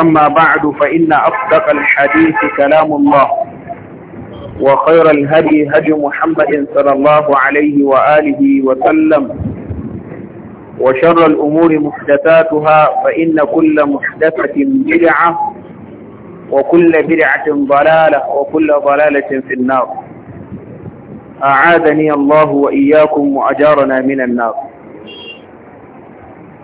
أما بعد فإن أصدق الحديث كلام الله وخير الهدي هدي محمد صلى الله عليه وآله وسلم وشر الأمور محدثاتها فإن كل محدثة بدعة وكل بدعة ضلالة وكل ضلالة في النار أعاذني الله وإياكم وأجارنا من النار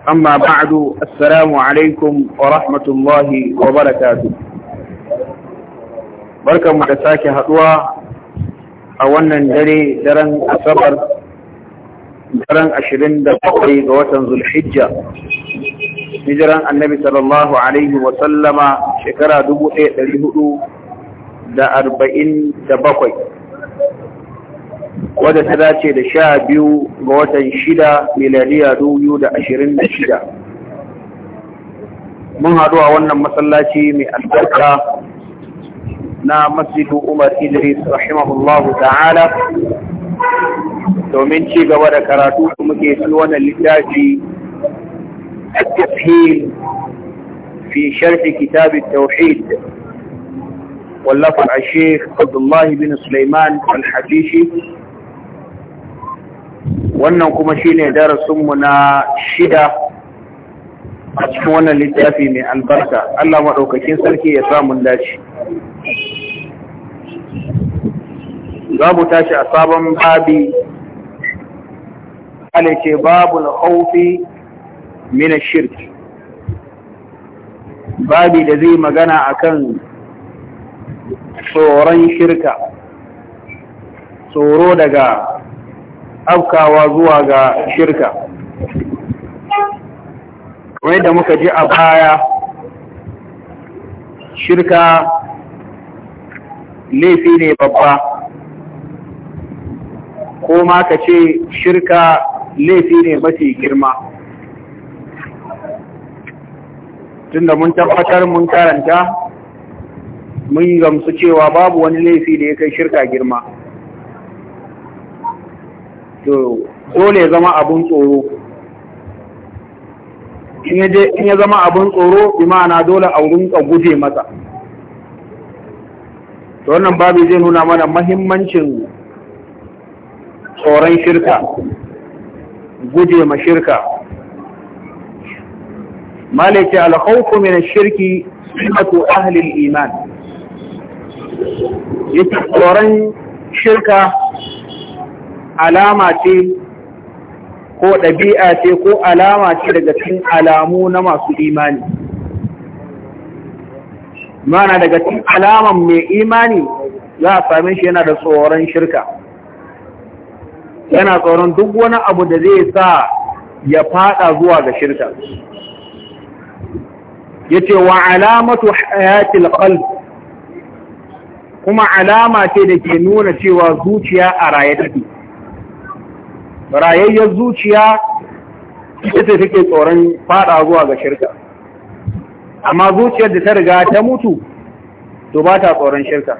أما بعد السلام عليكم ورحمة الله وبركاته بركة مدساك هدوى أولا دري درن أسبر درن أشرين دقائي قوتن ذو الحجة hijiran annabi sallallahu alaihi wasallama shekara dubu ɗaya ɗari hudu da arba'in da bakwai wadda ta dace da sha biyu ga watan shida miladiya dubu da ashirin da shida mun haɗu a wannan masallaci mai albarka na masjidu umar idris rahimahullahu ta'ala domin ci gaba da karatu da muke su wannan littafi fi في شرح كتاب التوحيد واللفظ a عبد Abdullahi bin Sulaiman الحبيشي wannan kuma shi shine darasinmu na shida a cikin wannan littafi mai albarka Allah maɗaukakin sarki ya samun dace za mu tashi a sabon babi ce babu haufi mina shirki babi da zai magana akan tsoron shirka tsoro daga afkawa zuwa ga shirka kamar da muka ji a baya shirka laifi ne babba ko ma ka ce shirka laifi ne mafi girma tunda mun tabbatar mun karanta mun gamsu cewa babu wani laifi da ya kai shirka girma to dole zama abun tsoro in ya zama abun tsoro imana dole a rinka guje masa to wannan babu zai nuna mana mahimmancin tsoron shirka guje ma shirka malaki alhauku min ash-shirki sifatu ahli al-iman yake tsoron shirka alama ce ko ɗabi'a ce ko alama ce daga cikin alamu na masu imani mana daga cikin alaman mai imani za a same shi yana da tsoron shirka yana tsoron duk wani abu da zai sa ya fada zuwa ga shirka yace wa alamatu hayatil qalb kuma alama ce da ke nuna cewa zuciya a raye take rayayyar zuciya ita take tsoron fada zuwa ga shirka amma zuciyar da ta riga ta mutu to ba ta tsoron shirka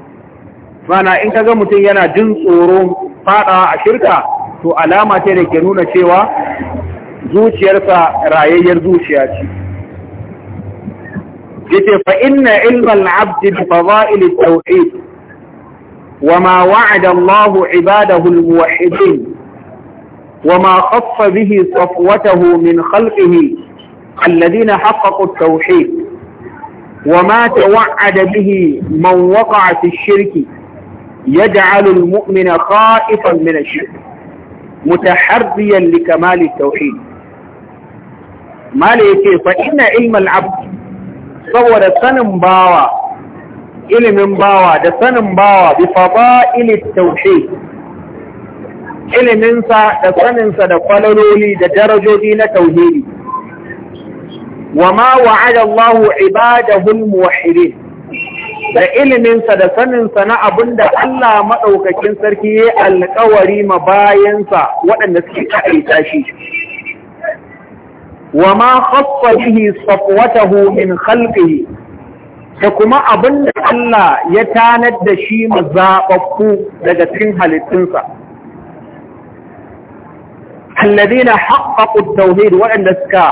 mana in kaga mutum yana jin tsoro fada a shirka to alama ce da ke nuna cewa zuciyarsa rayayyar zuciya ce yace fa inna ilma al-abd bi fada'il at-tauhid wa ma wa'ada Allahu 'ibadahu al-muwahhidin وما خص به صفوته من خلقه الذين حققوا التوحيد وما توعد به من وقع في الشرك يجعل المؤمن خائفا من الشرك متحريا لكمال التوحيد ما ليك فإن علم العبد صور سنم باوى علم باوى ده سنم باوى بفضائل التوحيد iliminsa da saninsa da kwaloroli da darajoji na tauhidi wa ma wa'ada Allah ibadahul muwahhidin da iliminsa da saninsa na abinda Allah maɗaukakin sarki ya alƙawari ma bayansa waɗanda suke kaɗaita shi wa ma khaffa bihi safwatahu min khalqihi da kuma abinda Allah ya tanar da shi mazaɓaɓɓu daga cikin halittunsa alladina haqqaqu tauhid waɗanda suka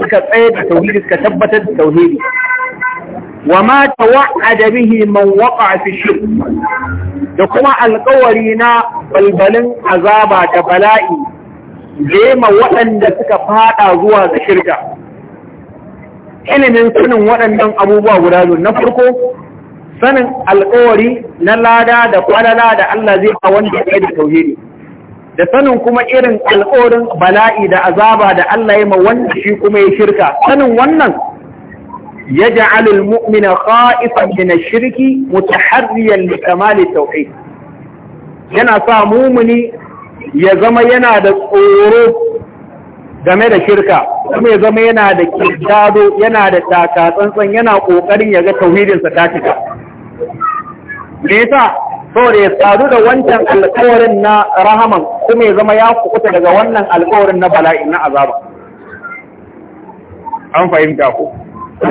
suka da tauhidi suka tabbatar da tauhidi wa mata tawa'ada bihi man da kuma alƙawari na balbalin azaba da bala'i jema waɗanda suka fada zuwa ga shirka ilimin sanin waɗannan abubuwa guda biyu na farko sanin alƙawari na lada da kwalala da Allah zai ba wanda ya da tauhidi da sanin kuma irin alƙorin bala'i da azaba da Allah ya ma wanda shi kuma ya shirka sanin wannan ya ja'alul mu'mina khaifan min ash-shirki mutaharriyan li kamali tauhid yana sa mumuni ya zama yana da tsoro game da shirka kuma ya zama yana da kirkado yana da taka tsantsan yana ƙoƙarin ya ga tauhidinsa ta cika me yasa saboda ya sadu da wancan alkawarin na rahaman kuma ya zama ya kukuta daga wannan alkawarin na bala'i na azaba an fahimta ku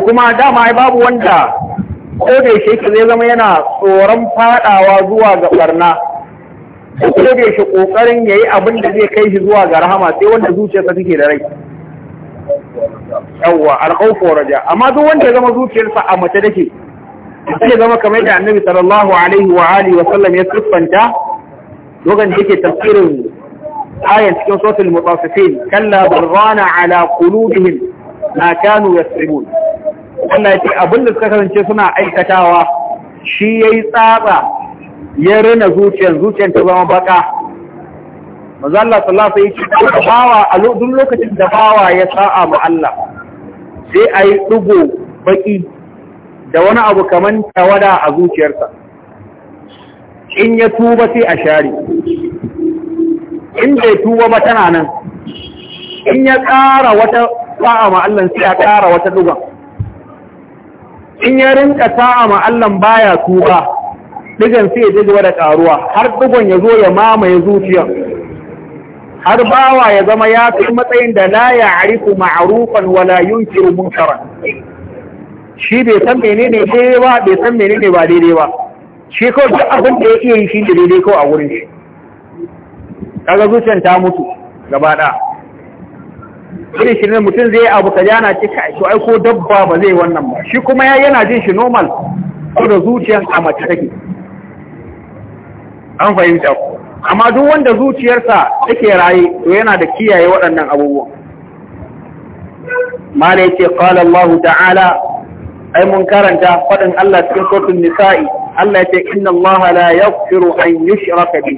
kuma dama ai babu wanda ko da yake zai zama yana tsoron fadawa zuwa ga barna ko da yake kokarin yayi abin da zai kai shi zuwa ga rahama sai wanda zuciyarsa take da rai yawwa alkhawfu raja amma duk wanda ya zama zuciyarsa a mace take sai zama kamar da annabi sallallahu alaihi wa alihi wa sallam ya siffanta dogon da yake tafsirin ayan cikin sotul mutaffifin kalla barrana ala qulubihim ma kanu yasribun Allah ya ce abin da suka kasance suna aikatawa shi yayi tsaba ya rina zuciyar zuciyar ta zama baka manzo Allah sallallahu alaihi wa sallam bawa a duk lokacin da bawa ya sa'a ma Allah sai ayi dugo baki da wani abu kaman tawada a zuciyarsa in ya tuba sai a share in bai tuba ba tana nan in ya ƙara wata ma Allah sai a ƙara wata dugan in ya rinka ta'a ma'allan baya tuba digan sai ya gaba da ƙaruwa har digon ya zo ya mamaye zuciya har bawa ya zama ya fi matsayin da la ya arifu ma'arufan wala yunkiru munkaran shi bai san menene daidai ba bai san menene ba daidai ba shi kawai duk abin da ya iya yi shi da daidai kawai a wurin shi kaga zuciyar ta mutu gaba ɗaya irin shi ne mutum zai abu ka yana ce kai to ai ko dabba ba zai wannan ba shi kuma yana jin shi normal ko da zuciyar a mace take an fahimta ku amma duk wanda zuciyarsa take raye to yana da kiyaye waɗannan abubuwan ما yace قال الله ta'ala ai mun karanta faɗin Allah cikin suratul nisa'i Allah ya ce inna Allah la yaghfiru an yushraka bi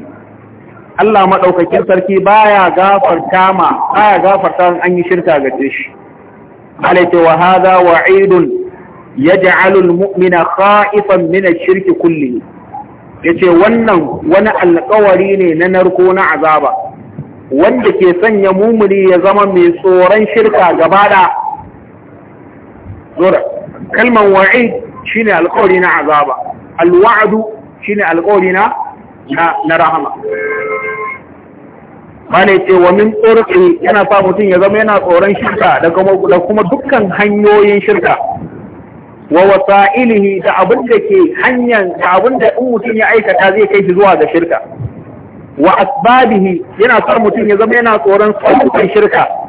Allah madaukakin sarki baya gafarta ma baya gafarta an yi shirka ga shi Allah ya ce wa hadha wa'idun yaj'alu al-mu'mina khaifan min ash-shirki kulli yace wannan wani alƙawari ne na narko na azaba wanda ke sanya mumuni ya zama mai tsoron shirka gaba da zura kalman wa'id shine alƙawari na azaba alwa'du shine alƙawari na na rahama bane ce wa min turqi yana sa mutum ya zama yana tsoron shirka da kuma dukkan hanyoyin shirka wa wasa'ilihi da abin da ke hanyar da abin da in mutum ya aikata zai kai shi zuwa ga shirka wa asbabihi yana sa mutum ya zama yana tsoron tsoron shirka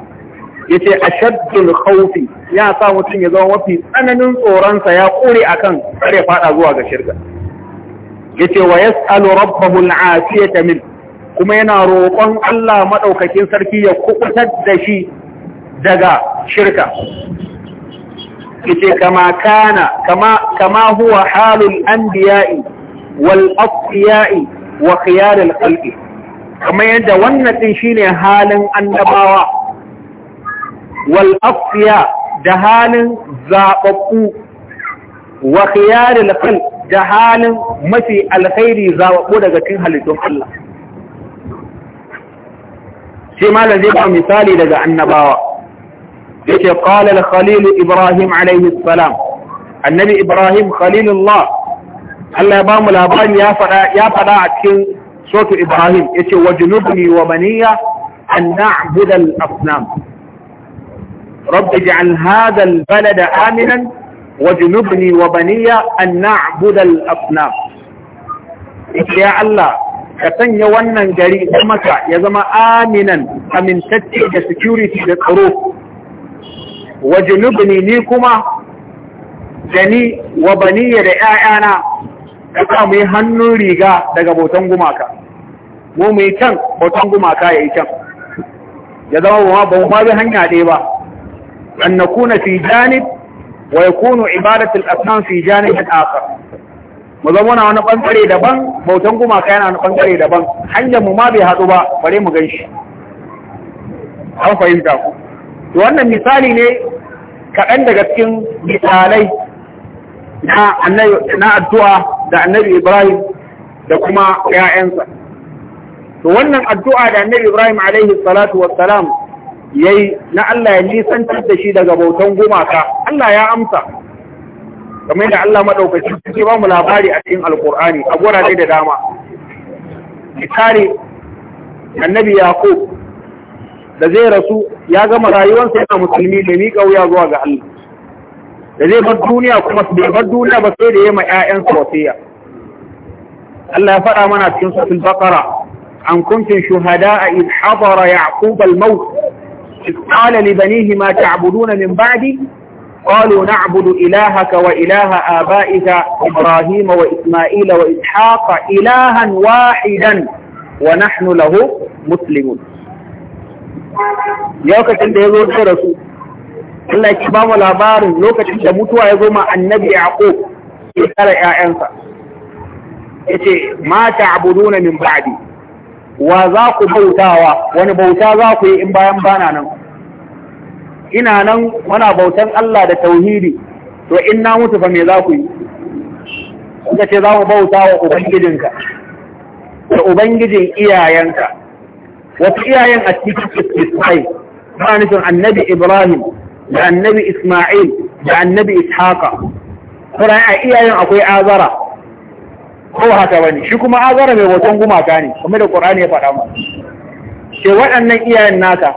yace shaddun haufi ya sa mutum ya zama mafi tsananin tsoronsa ya kure akan kare fada zuwa ga shirka yace wa yas'alu rabbahu ta min kuma yana roƙon Allah maɗaukakin sarki ya kubutar da shi daga shirka yace kama kana kama kama huwa halul anbiya'i wal asfiya'i wa khiyar al khalqi kamar yadda wannan shi shine halin annabawa wal afiya da halin zaɓaɓɓu wa khiyaril khalq da halin mafi alkhairi zaɓaɓɓu daga cikin halittun Allah sai malam zai ba misali daga annabawa yake qala al-khalil ibrahim alayhi salam annabi ibrahim khalilullah Allah ya ba mu labarin ya fada ya fada a cikin sotu ibrahim yace wajnubni wa baniya an na'budu al-asnam رب اجعل هذا البلد آمنا واجنبني وبني أن نعبد الأصنام يا الله كتن يوانا جري مكة يزما آمنا أمن تتي security للحروف wajenubni ni kuma da ni wa baniya da ‘ya'yana da ka hannun riga daga bautan gumaka, mu mu yi can bautan gumaka ya yi can, ya zama ba bi hanya ɗaya ba, أن نكون في جانب ويكون عبادة الأصنام في جانب آخر mu zama wani ɓangare daban bautan gumaka yana wani ɓangare daban hanyar mu ma bai haɗu ba bare mu ganshi an fahimta to wannan misali ne kaɗan daga cikin misalai na addu'a da annabi ibrahim da kuma ‘ya'yansa to wannan addu'a da annabi ibrahim alaihi yayi na Allah ya nisantar da shi daga bautan gumaka Allah ya amsa kamar yadda Allah madaukaki yake ba mu labari a cikin alkur'ani a gurare da dama misali annabi yaqub da zai rasu ya gama rayuwarsa yana musulmi da miƙa wuya zuwa ga Allah da zai bar duniya kuma bai bar duniya ba sai da ma ƴaƴansa wasiya Allah ya faɗa mana cikin suratul baƙara an shuhada a id hadara ya'qub al-maut قال لبنيه ما تعبدون من بعدي قالوا نعبد إلهك وإله آبائك إبراهيم وإسماعيل وإسحاق إلها واحدا ونحن له مسلمون lokacin da ya zo da rasu Allah ya labarin lokacin da mutuwa ya zo ma annabi Yaqub ya tsara ƴaƴansa yace ma min ba'di wa ku bautawa wani bauta za ku yi in bayan bana nan ina nan muna bautan Allah da tauhidi to in na mutu fa me za ku yi kuka ce za mu bauta wa ubangijinka da ubangijin iyayenka wasu iyayen a cikin isma'il ba nufin annabi ibrahim da annabi isma'il da annabi ishaqa kuma a iyayen akwai azara ko haka bane shi kuma azara mai wajen gumaka ne kuma da qur'ani ya faɗa mu ce waɗannan iyayen naka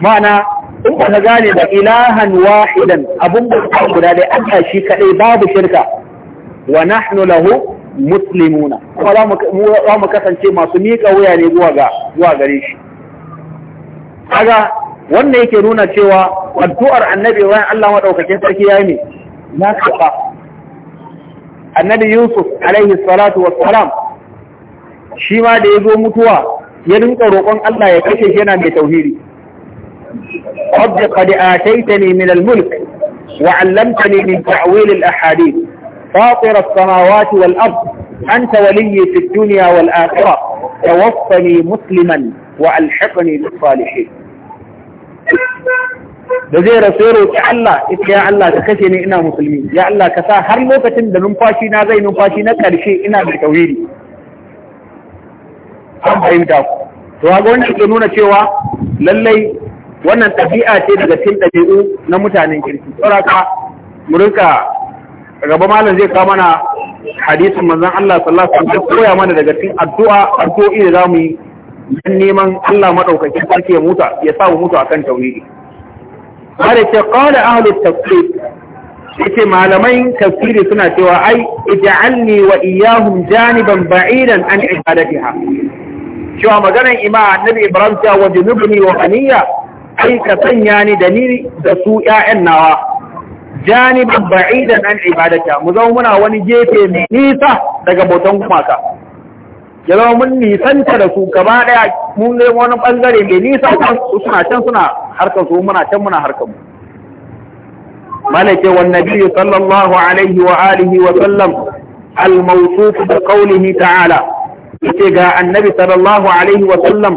ma'ana in ka gane da ilahan wahidan abun suka guda dai Allah shi kadai babu shirka wa nahnu lahu muslimuna kuma za mu kasance masu miƙa wuya ne zuwa ga zuwa gare shi kaga wannan yake nuna cewa addu'ar annabi wa Allah madaukakin sarki yayi ne na kafa annabi Yusuf alaihi salatu wassalam shi ma da ya zo mutuwa ya rinka roƙon Allah ya kashe shi yana mai tauhidi رب قد آتيتني من الملك وعلمتني من تعويل الأحاديث فاطر السماوات والأرض أنت ولي في الدنيا والآخرة توفني مسلما وألحقني بالصالحين بزي رسيرو يا الله يا الله تكسيني إنا مسلمين يا الله كسا هر لوكة لنفاشي نازي نفاشي نكر شيء إنا بتويري هم بايم داو فواقوني تنونة شوى للي wannan ɗabi'a ce daga cikin ɗabi'u na mutanen kirki saboda mu rinka gaba malam zai kawo mana hadisin manzon Allah sallallahu alaihi wasallam koya mana daga cikin addu'a addu'o'i da zamu yi dan neman Allah madaukakin sarki ya mutu ya sa mu mutu akan tauhidi bare ce qala ahli tafsir yace malamai tafsiri suna cewa ai ij'alni wa iyyahum janiban ba'idan an ibadatiha cewa maganar ima annabi ibrahim cewa wa junubni wa qaniya ai ka sanya ni da ni da su ƴaƴan nawa janiban ba'idan an ibadata mu zama muna wani gefe mai nisa daga bautan gumaka ya zama mun nisanta da su gaba daya mun nemo wani bangare mai nisa suna can suna harkar su muna can muna harkar mu malaka wan nabi sallallahu alaihi wa alihi wa sallam al mawsuf bi qawlihi ta'ala yace ga annabi sallallahu alaihi wa sallam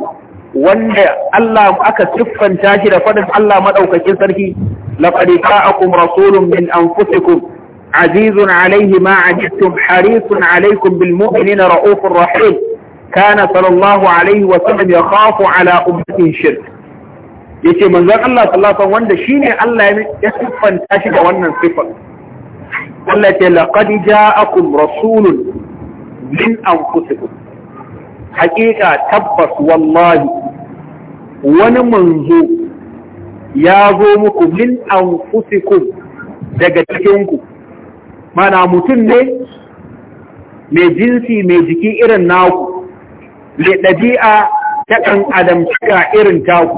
wanda Allah aka siffanta shi da faɗin Allah maɗaukakin sarki laqad ja'akum rasulun min anfusikum azizun alayhi ma ajittum harisun alaykum bil mu'minina ra'ufur rahim kana sallallahu alaihi wa sallam ya yakhafu ala ummatin shirk ce manzon Allah sallallahu Wanda shi ne Allah ya siffanta shi da wannan siffan. Allah ya ce laqad ja'akum rasulun min anfusikum Haƙiƙa, tabbas wallahi wani manzo ya zo muku min anfusikum daga cikinku mana mutum ne mai jinsi mai jiki irin naku mai ɗabi'a ta ɗan adamcika irin taku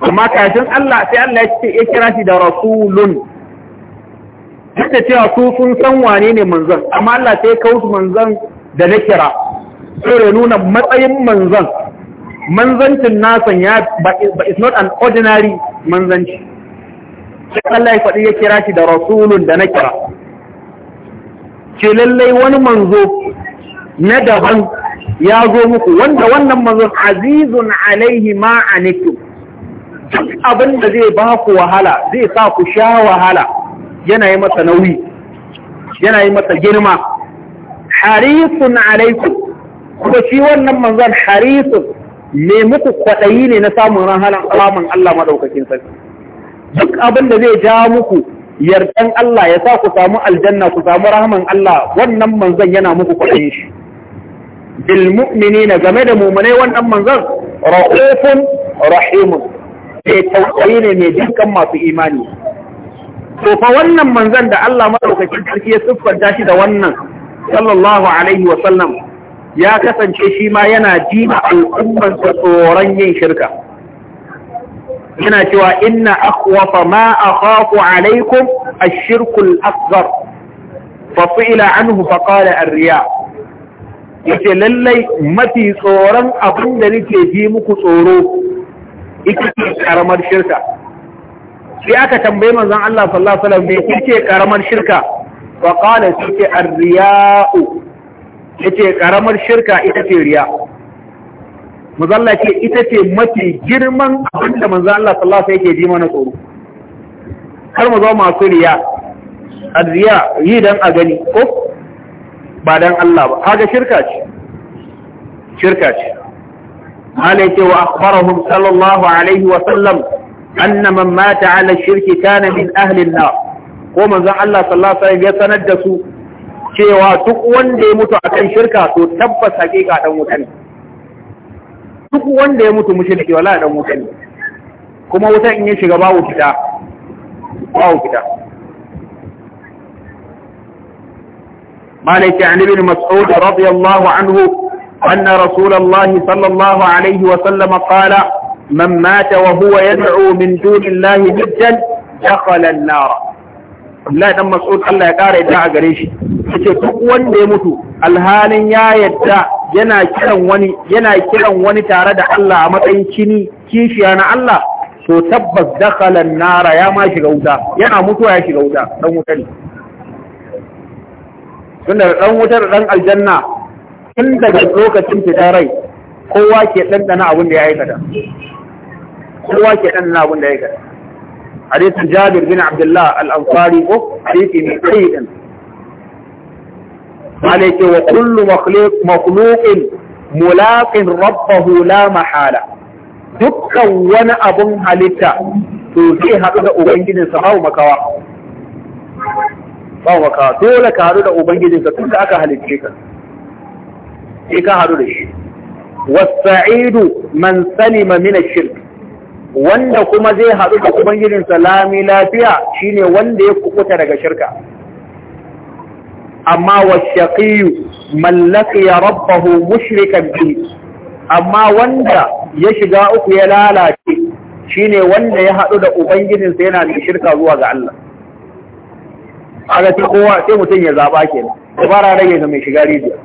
amma kafin Allah sai Allah ya ce ya kira shi da rasulun duk cewa su sun san wane ne manzon amma Allah sai ka wuce manzon da na kira sai nuna matsayin manzan manzancin nasan ya ba is not an ordinary manzanci sai Allah ya faɗi ya kira shi da rasulun da na kira ce lallai wani manzo na daban ya zo muku wanda wannan manzon azizun alaihi ma anikum duk abin da zai ba ku wahala zai sa ku sha wahala yana yi masa nauyi yana yi masa girma harisun alaikum kuma shi wannan manzan harisun ne muku kwaɗayi ne na samun ranar alaman Allah maɗaukakin sarki duk abin da zai ja muku yardan Allah ya sa ku samu aljanna ku samu rahman Allah wannan manzan yana muku kwaɗayin shi bil na game da mu'minai wannan manzan ra'ufun rahimun sai tausayi ne mai dukkan masu imani to fa wannan manzan da Allah maɗaukakin sarki ya siffanta shi da wannan sallallahu alaihi wa sallam ya kasance shi ma yana jima al'ummansa tsoron yin shirka yana cewa inna akhwafa ma akhafu alaikum ash-shirku al-akbar fa su'ila anhu fa qala ar-riya yace lallai mafi tsoron abin da nake ji muku tsoro ita ce karamar shirka Shi aka tambayi manzon Allah sallallahu alaihi wasallam ita ce karamar shirka fa qala ce ar-riya'u ce ƙaramar shirka ita ce riya mazalla ce ita ce mafi girman abinda manzo Allah sallallahu alaihi yake ji mana tsoro kar mu zo masu riya riya yi dan a gani ko ba dan Allah ba kaga shirka ce shirka ce malai ce wa akhbarahum sallallahu alaihi wa sallam anna man mata ala shirki kana min ahli an ko manzo Allah sallallahu ya sanar da su cewa duk wanda ya mutu akan shirka to tabbas hakika dan wuta ne duk wanda ya mutu mushriki wala dan wuta ne kuma wuta in ya shiga babu fita babu fita مالك عن ابن مسعود رضي الله عنه أن رسول الله صلى الله عليه وسلم قال من مات وهو يدعو من دون الله جدا دخل النار Abdullahi dan Mas'ud Allah ya ƙara yadda a gare shi yace duk wanda ya mutu alhalin ya yadda yana kiran wani yana kiran wani tare da Allah a matsayin kini kishiya na Allah to tabbas dakhala an-nara ya ma shiga wuta yana mutuwa ya shiga wuta dan wuta ne da ɗan wuta da dan aljanna tun daga lokacin fita rai kowa ke dandana abin da ya aikata kowa ke dandana abin da ya aikata hadisin jabir bin abdullah al-ansari ko hadisi mai tsayi wa kullu makhluqin mulaqin rabba hula mahala dukkan wani abun halitta to haɗu da ubangijinsa babu makawa babu makawa dole haɗu da ubangijinsa tun aka wasa'idu man min shirk wanda kuma zai haɗu da ubangijin salami lafiya shine wanda ya kukuta daga shirka amma mallaka ya rabba rabbahu mushrikan bi amma wanda ya shiga uku ya lalace shine wanda ya haɗu da ubangijin yana da shirka zuwa ga Allah kaga ta kowa sai mutum ya zaba kenan dabara rage ga mai shiga rijiya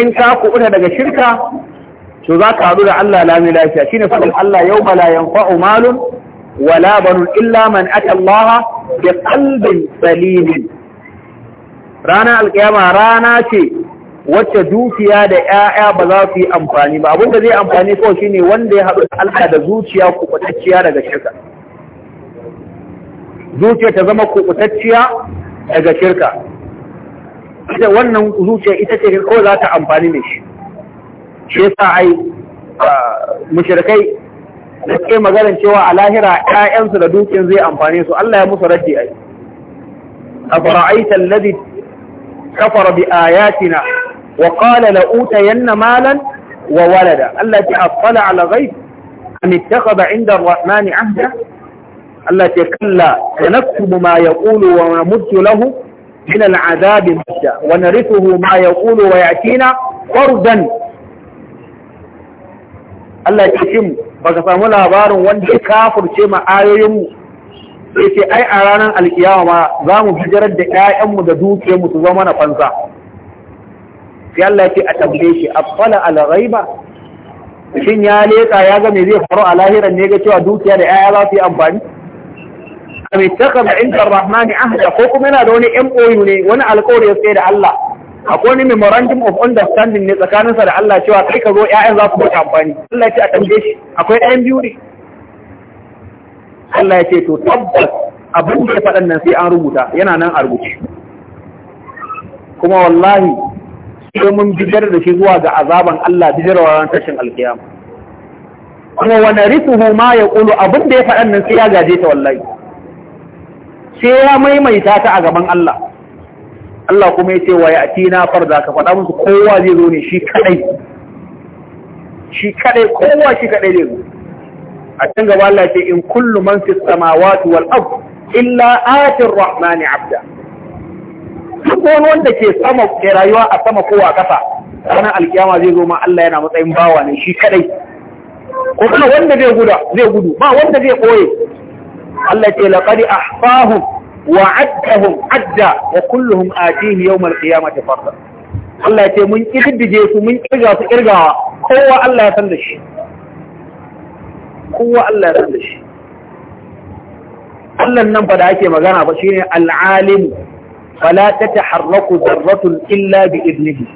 in ka kubuta daga shirka to za ka haɗu da Allah lami lafiya ne faɗin Allah yau ba la yanfa'u malun wala banun illa man ata Allah bi qalbin salim rana alƙiyama rana ce wacce dukiya da 'ya'ya ba za su yi amfani ba abinda zai amfani kawai shine wanda ya haɗu da Allah da zuciya kuɓutacciya daga shirka zuciya ta zama kuɓutacciya daga shirka wannan zuciya ita ce kawai za ta amfani da shi shi yasa ai mushrikai da ke maganar cewa a lahira ƴaƴansu da dukin zai amfane su Allah ya musu raddi ai afara'aita alladhi kafara bi ayatina wa qala la utayanna malan wa walada Allah ya afala ala ghaib am ittakhadha inda ar-rahman ahda Allah ya kalla sanaktubu ma yaqulu wa namuddu lahu min al-'adab mudda wa narithuhu ma yaqulu wa ya'tina fardan Allah ya ce ba ka samu labarin wanda ya kafurce ma ayoyinmu sai ce ai a ranar alkiyama ma za mu hijirar da ƴaƴanmu da dukiyarmu su zama na fansa sai Allah ya ce a tambaye shi afala al-ghaiba shin ya leka ya ga me zai faru a lahiran ne ga cewa dukiya da ƴaƴa za su yi amfani am ittakhadha inda ar-rahmani ahda ko kuma yana da wani MOU ne wani alƙawari ya sai da Allah akwai wani memorandum of understanding ne tsakaninsa da Allah cewa kai ka zo ƴaƴan za su bauta amfani Allah ya ce a tambaye shi akwai ɗayan biyu ne Allah ya ce to tabbas abin da ya faɗan nan sai an rubuta yana nan a rubuce kuma wallahi sai mun bijar da shi zuwa ga azaban Allah bijar wa ran tashin alkiyama kuma wani rituhu ma ya ƙulu abin da ya faɗan nan sai ya gaje ta wallahi sai ya maimaita ta a gaban Allah Allah kuma ya ce wa na farza ka faɗa musu kowa zai zo ne shi kadai shi kadai kowa shi kadai zai zo a can gaba Allah ce in kullu man fis samawati wal ard illa atir rahmani abda duk wani wanda ke sama ke rayuwa a sama ko a kasa ranar alkiyama zai zo ma Allah yana matsayin bawa ne shi kadai ko kuma wanda zai guda zai gudu ba wanda zai koye Allah ce laqad ahfahum وعدهم عدا وكلهم آتيه يوم القيامة فردا الله يتي من إخدجي من إرجع إرجع هو الله يفندش هو الله يفندش Allah nan fa da ake magana ba shine al-alim fala tataharraku dharratun illa bi idnihi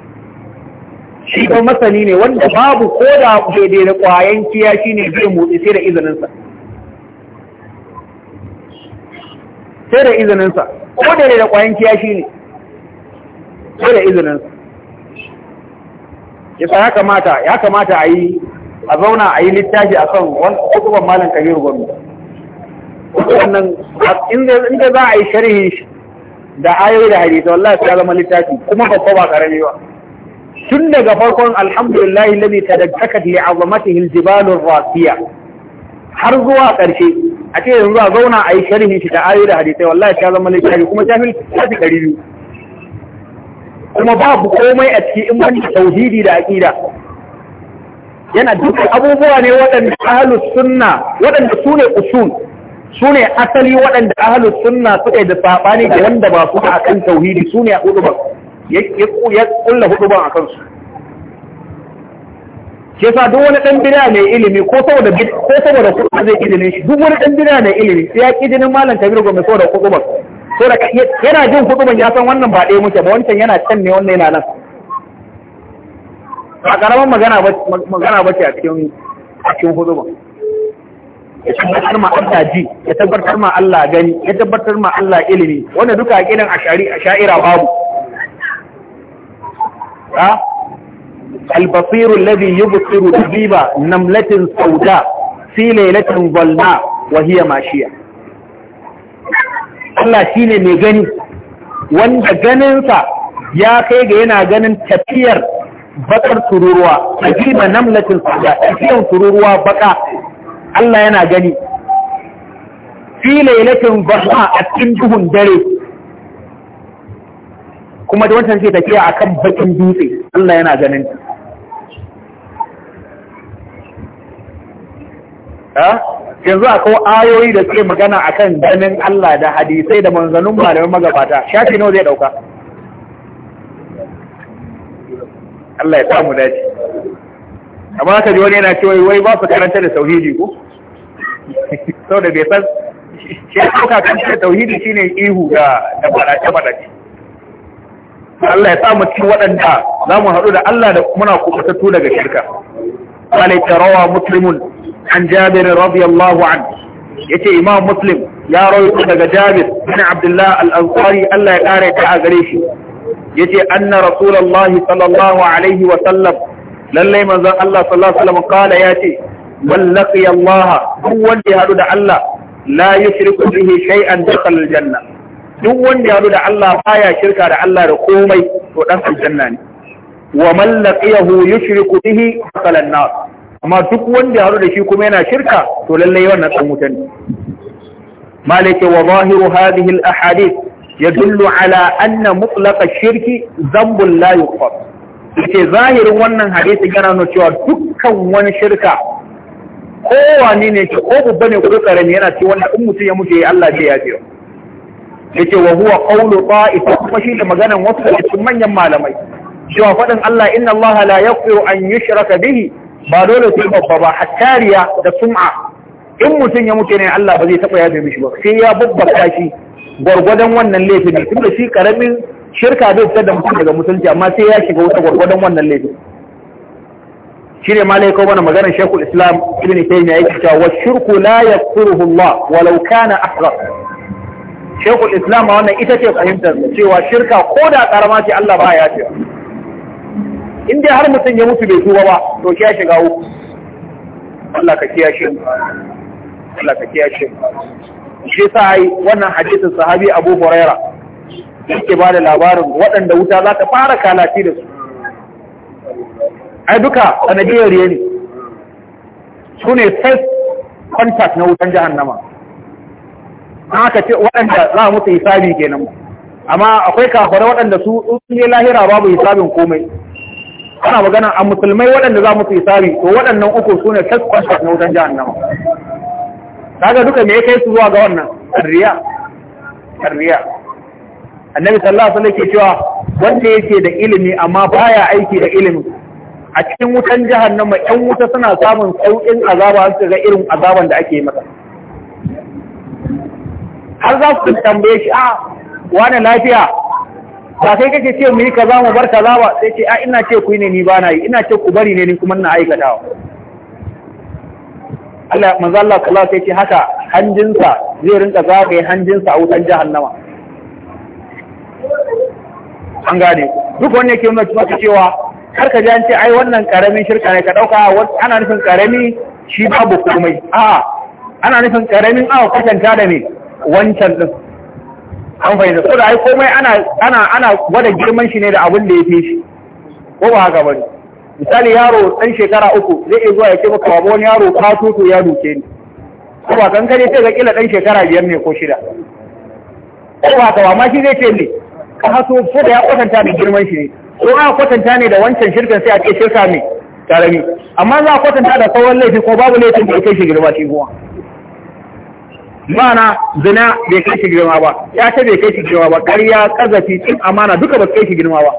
shi ba masani ne wanda babu koda daidai da kwayan kiya shine zai motsi sai da izininsa. sai da izininsa ko da da ƙwayan kiyashi ne sai da izininsa yasa ya kamata ya kamata a yi a zauna a yi littafi a kan wani malin malam kabiru gwamna wannan in za a yi sharhi da ayoyi da hadisi wallahi sai ya zama littafi kuma ko ba karami ba tun daga farkon alhamdulillah alladhi tadakkakat li azamatihi aljibalu rasiya har zuwa ƙarshe a ce yanzu a zauna a yi sharhi shi da ayoyi da hadisai wallahi ta zama littafi kuma shafin shafi ɗari biyu kuma babu komai a cikin in ban tauhidi da aƙida yana duk abubuwa ne waɗanda ahalus sunna waɗanda su ne usul su ne asali waɗanda ahalus sunna suka da saɓani da wanda ba su a kan tauhidi su ne a hudu ya ƙulla hudu a kansu shi yasa duk wani dan bid'a mai ilimi ko saboda ko saboda kuma zai izinin shi duk wani dan bid'a mai ilimi sai ya izinin malam Kabir Gombe saboda kutubar so da yana jin kutuban ya san wannan ba ɗaya muke ba wancan yana can ne wannan yana nan a karaman magana ba magana ba ce a cikin a cikin kutuban ya tabbatar ma Allah ji ya tabbatar ma Allah gani ya tabbatar ma Allah ilimi wanda duka a kidan a sha'ira babu البصير الذي يبصر دبيب نملة سوداء في ليلة ظلماء وهي mashiya. Allah shi ne mai gani wanda ganinsa ya kai ga yana ganin tafiyar bakar tururuwa a jima namlatin sada tafiyan tururuwa baka Allah yana gani fi lailatin barha a cikin duhun dare kuma da wancan sai tafiya akan bakin dutse Allah yana ganin ta Eh? yanzu kawo ayoyi da suke magana akan ganin Allah da hadisai da manzannin malamin magabata shafi nawa zai dauka Allah ya samu daji amma aka ji wani yana cewa wai ba su karanta da tauhidi ko sau da bai san shi ya dauka shi da tauhidi shine ihu da da fadace Allah ya samu cikin waɗanda za mu haɗu da Allah da muna tattu daga shirka. Alaikarawa Muslimun an jabir radiyallahu anhu yace imam muslim ya rawaito daga jabir bin abdullah al-ansari Allah ya kare ta a gare shi yace anna rasulullahi sallallahu alaihi wa sallam lalle manzon Allah sallallahu alaihi wa sallam kala yace wallaqi Allah duk wanda ya hadu da Allah la yushriku bihi shay'an duk wanda ya hadu da Allah baya shirka da Allah da komai to dan aljanna ne wa man yushriku bihi dakhala an amma duk wanda ya haru da shi kuma yana shirka to lallai wannan dan wuta malike wa zahiru hadhihi al ahadith yadullu ala anna mutlaq ash-shirki dhanbun la yughfar yace zahirin wannan hadisi yana nuna cewa dukkan wani shirka kowane ne ke ko babba ne ko karami yana ce wanda in mutum ya mutu ya Allah ce ya ce yace wa huwa qawlu ta'if kuma shi da maganan wasu cikin manyan malamai cewa faɗin Allah inna Allah la yaghfiru an yushraka bihi ba dole sai babba ba hattariya da sum'a in mutum ya mutu ne Allah ba zai taɓa yabe mishi ba sai ya babbaka shi gwargwadon wannan laifin ne tunda shi karamin shirka zai fitar da mutum daga musulunci amma sai ya shiga wata gwargwadon wannan laifin shi malai ko mana maganar shekul islam ibn taymiya yake cewa wa shirku la yaghfiruhu Allah walau kana shekul islam wannan ita ce fahimtar cewa shirka ko da karama ce Allah ba ya ce in dai har mutum ya mutu bai tuba ba to shi ya shiga uku Allah ka kiyashe mu Allah ka kiyashe shi sa ai wannan hadisin sahabi Abu Huraira yake ba da labarin waɗanda wuta za ta fara kalafi da su ai duka sanadiyar riya ne su ne first contact na wutan jahannama Na aka ce waɗanda za a mutu hisabi kenan amma akwai kafarai waɗanda su sun yi lahira babu hisabin komai ana magana a musulmai waɗanda za mu fi sari to waɗannan uku su ne shakkon na wutan jahannama ga duka me ya kai su zuwa ga wannan ƙarriya ƙarriya annabi sallallahu alaihi wasallam ke cewa wanda yake da ilimi amma baya aiki da ilimi a cikin wutan jihar nama ƴan wuta suna samun sauƙin azaba an ga irin azaban da ake masa har za su tambaye shi a ah, wani lafiya ba sai kake ce mu yi kaza mu bar kaza ba sai ce a ina ce ku yi ne ni ba na yi ina ce ku bari ne ni kuma aikata aikatawa Allah manzo Allah sallallahu alaihi haka hanjinsa zai rinka zagaye hanjinsa a wutan jahannama an gane duk wanda yake nuna maka cewa har ka ji an ce ai wannan karamin shirka ne ka dauka ana nufin karami shi babu komai a ana nufin karamin awa kwatanta da ne wancan din an fahimta su da ai komai ana ana gwada girman shi ne da abin da ya fi shi ko ba haka bari misali yaro ɗan shekara uku zai iya zuwa ya ce maka babu wani yaro tutu ya duke ni ko ba kan kare sai ga kila ɗan shekara biyar ne ko shida ko ba ka ma shi zai ce ne ka haso so da ya kwatanta da girman shi ne so aka kwatanta ne da wancan shirkan sai a ce shirka ne tarami, amma za a kwatanta da sauran laifi ko babu laifin da ya kai shi girma shi kuma mana zina bai kai shi girma ba ya ce bai kai shi girma ba ƙarya ƙazafi cin amana duka ba kai shi girma ba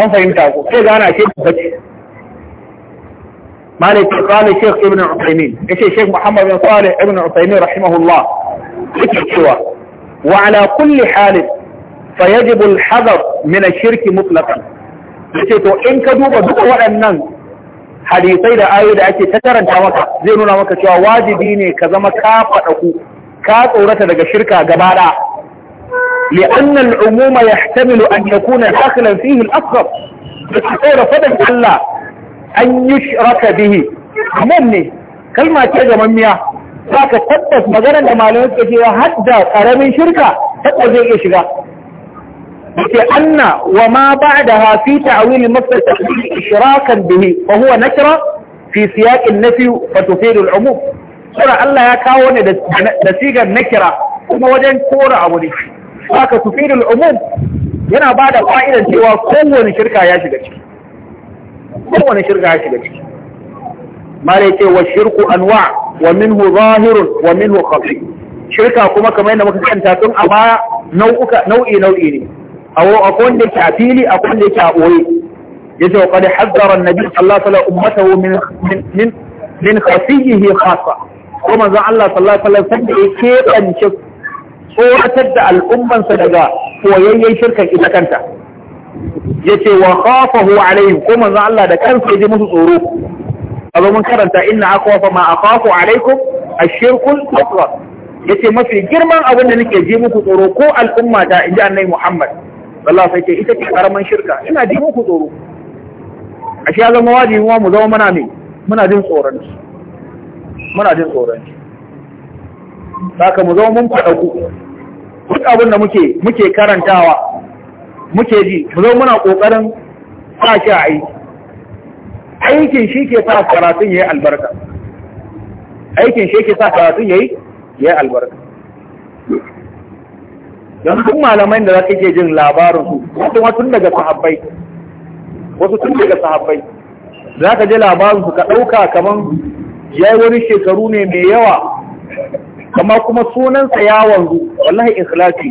an fahimta ko sai gana shi bace مالك قال الشيخ ابن عثيمين ايش الشيخ محمد بن صالح ابن عثيمين رحمه الله وعلى كل حال فيجب الحذر من الشرك مطلقا yace to in ka duba duka waɗannan hadisai da ayoyi da ake ta karanta maka zai nuna maka cewa wajibi ne ka zama ka faɗaku ka tsorata daga shirka gaba da li'anna al'umuma yahtamilu an yakuna dakhilan fihi al-asghar tsora fadan Allah an yushraka bihi amman ne kalma ce ga mamiya zaka tabbas maganar da malamai suke cewa hadda karamin shirka tabbas zai iya shiga yake anna wa ma ba'daha fi ta'wil masdar tafsir ishrakan bihi fa huwa nakra fi siyaq an-nafi fa tufidu al-umum sura Allah ya kawo ne da sigar nakira kuma wajen kora abu ne haka tufidu al-umum yana ba da fa'idan cewa kowane shirka ya shiga ciki kowane shirka ya shiga ciki mare ce wa shirku anwa wa minhu zahirun wa minhu khafi shirka kuma kamar yadda muka kanta tun a baya nau'i nau'i ne akwai wanda yake a fili akwai wanda yake ya ce wa kwade hazzaran nabi sallallahu alaihi ummatahu min min khasiyihi khassa ko manzon Allah sallallahu alaihi wasallam ya tsoratar da al'ummansa daga koyayyen shirkan ita kanta yace wa khafahu alaihim ko manzon Allah da kansa ya ji musu tsoro azo mun karanta inna akwafa ma akhafu alaikum ash-shirkul akbar yace mafi girman abin da nake ji muku tsoro ko al'umma ta annabi Muhammad Allah sai ke ita ce karaman shirka ina ji muku tsoro ashe ya zama wajibi wa mu zama muna ne muna jin tsoron muna jin tsoron saka mu zama mun faɗa ku duk abin da muke muke karantawa muke ji mu zama muna kokarin sa shi a aiki aikin shi ke sa karatun yayi albarka aikin shi ke sa karatun yayi yayi albarka don duk malamai da za ka ke jin labarin su wasu tun daga sahabbai wasu tun daga sahabbai za ka ji labarin su ka ɗauka kamar ya yi wani shekaru ne mai yawa kama kuma sunansa ya wanzu wallahi ikhlasi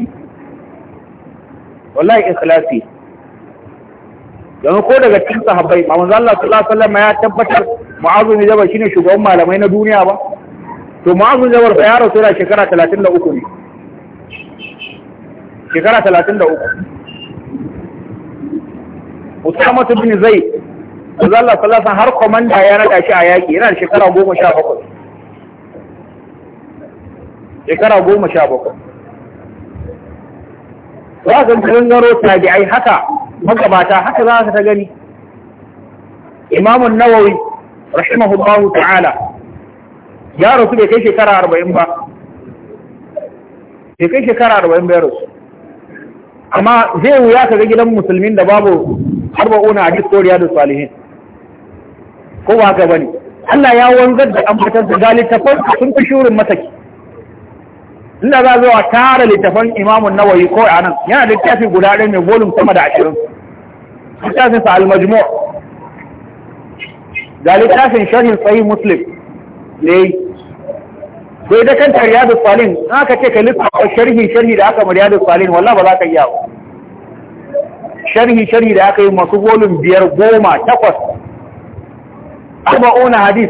wallahi ikhlasi yanzu ko daga cikin sahabbai ba manzo Allah sallallahu alaihi wasallam ya tabbatar Mu'azu bin Jabal shine shugaban malamai na duniya ba to Mu'azu bin ya rasu da shekara 33 ne shekara talatin da uku usama bin zai manzo Allah har komanda ya rada shi a yaƙi, yana da shekara goma sha bakwai shekara goma sha bakwai za ka gangaro tabi'ai haka magabata haka za ka ta gani imamun nawawi rahimahullahu ta'ala ya rasu bai kai shekara arba'in ba bai kai shekara arba'in bai rasu amma zai wuya ka ga gidan musulmin da babu una a historiya da salihin ko ba haka bane Allah ya wanzar da ambatar da littafan sun fi shurin mataki inda za zuwa tara littafan imamun nawayi ko a nan yana da tafi guda ɗaya mai volum sama da ashirin littafin sa al-majmu' da littafin sharhin sahih muslim ne to da kanta riyadu salin na aka ce ka lissafa sharhi sharhi da aka riyadu salin walla ba za ka iya ba sharhi sharhi da aka yi masu golin biyar goma takwas ona hadis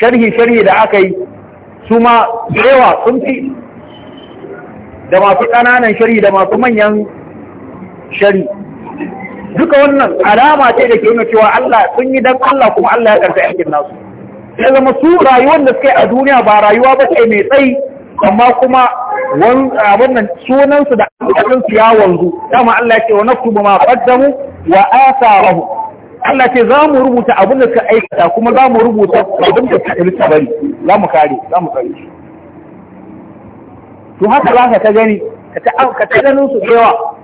sharhi sharhi da aka yi su ma yawa sun fi da masu ƙananan shari da masu manyan shari duka wannan alama ce da ke nuna cewa Allah sun yi dan Allah kuma Allah ya karɓi aikin nasu ya zama su rayuwar da suka yi a duniya ba rayuwa ba ce mai tsayi amma kuma wannan sunansu da alƙalinsu ya wanzu dama Allah ce wa kuma ma qaddamu wa rahu Allah ce za mu rubuta abin da suka aikata kuma za mu rubuta abin da suka yi bari za mu kare za mu kare shi to haka za ka ta gani ka ta ganin su da yawa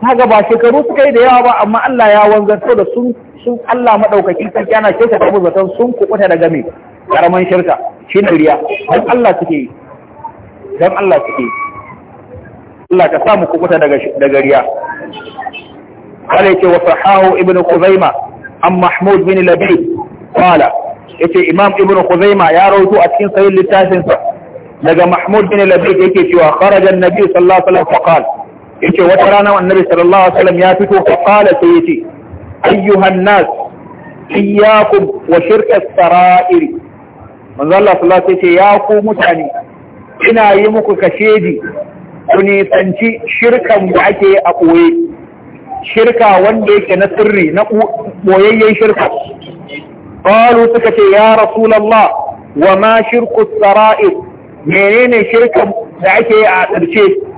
kaga ba shekaru suka yi da yawa ba amma Allah ya wanzarto da sun sun Allah madaukaki sarki yana kyauta da muzatan sun kubuta daga me karaman shirka shine riya dan Allah suke yi dan Allah suke yi Allah ka samu kubuta daga daga riya kale ce wa sahahu ibn Khuzaima an Mahmud bin Labid qala yace Imam ibn Khuzaima ya rawaito a cikin sahih littafinsa daga Mahmud bin Labid yake cewa kharaja an-nabi sallallahu alaihi wasallam faqala yace wata rana annabi sallallahu alaihi wasallam ya fito ka qala sai yace ayyuhan nas iyyakum wa shirka sarair manzo Allah sallallahu alaihi yace ya ku mutane ina yi muku kashedi ku nisanci shirkan da ake a koye shirka wanda yake na sirri na boyayyen shirka qalu suka ce ya rasulullah wa ma shirku sarair menene shirkan da ake a ƙarshe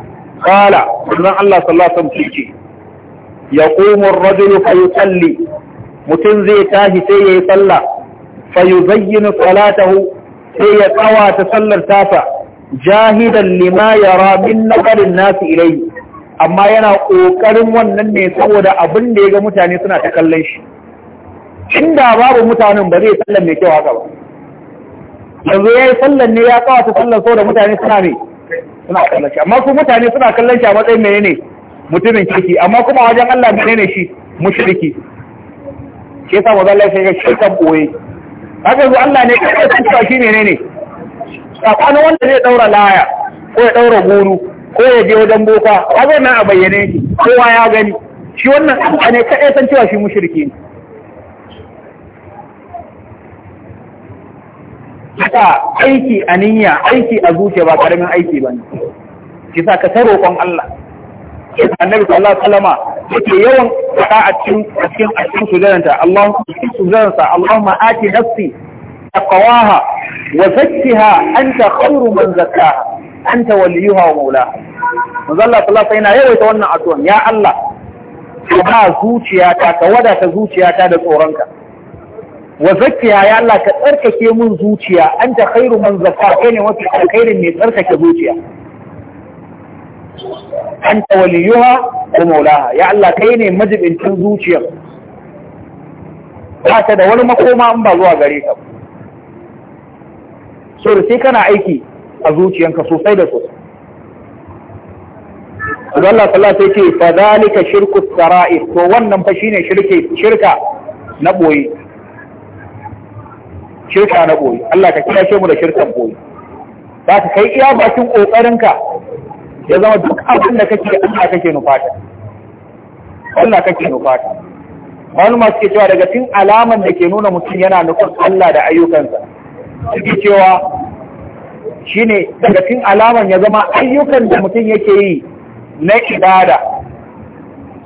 qala dan Allah sallallahu alaihi wasallam ce yaqumu ar-rajulu mutum zai tashi sai yayi sallah fa yuzayyinu salatahu sai ya tsawata sallar tasa jahidan lima yara min naqarin nasu ilayhi amma yana ƙoƙarin wannan ne saboda abin da ya ga mutane suna ta kallon shi inda babu mutanen ba zai sallan mai kyau haka ba yanzu ya yi sallan ne ya kawata sallan da mutane suna kallon shi amma su mutane suna kallon shi a matsayin menene mutumin kirki amma kuma wajen Allah menene shi mushriki ke sa wa zalla sai ga shirkan boye haka zuwa Allah ne kai sai ka shi menene tsakanin wanda zai daura laya ko ya daura goro, ko ya je wajen boka kaga nan a bayyane shi kowa ya gani shi wannan abu ne kai san cewa shi mushriki ne haka aiki a niyya aiki a zuciya ba karamin aiki ba ne ki sa ka ta roƙon Allah annabi sallallahu alaihi wasallama yake yawan faɗa a cikin a cikin a cikin sujaranta Allahumma sujaranta Allahumma ati nafsi taqwaha wa zakkiha anta khairu man zakkaha anta waliyuha wa maulaha manzo Allah sallallahu alaihi wasallama yawaita wannan addu'a ya Allah ka ba zuciyata ka wada wadata zuciyata da tsoronka wa zakiya ya Allah ka tsarkake mun zuciya an ta khairu man zakka kai ne mafi alkhairin mai tsarkake zuciya An ta waliyuha ko maulaha ya Allah kai ne majibincin zuciyar ba ta da wani makoma in ba zuwa gare ka so da sai kana aiki a zuciyanka sosai da sosai Allah sallallahu alaihi ce fa zalika shirku sarai to wannan fa shine shirke shirka na boye shirka na boye Allah ka shi mu da shirkan boye za ka kai iya bakin ƙoƙarinka ya zama duk abin da kake Allah kake nufata Allah kake nufata masu ke cewa daga tun alaman da ke nuna mutum yana nufin Allah da ayyukansa suke cewa shine daga tun alaman ya zama ayyukan da mutum yake yi na ibada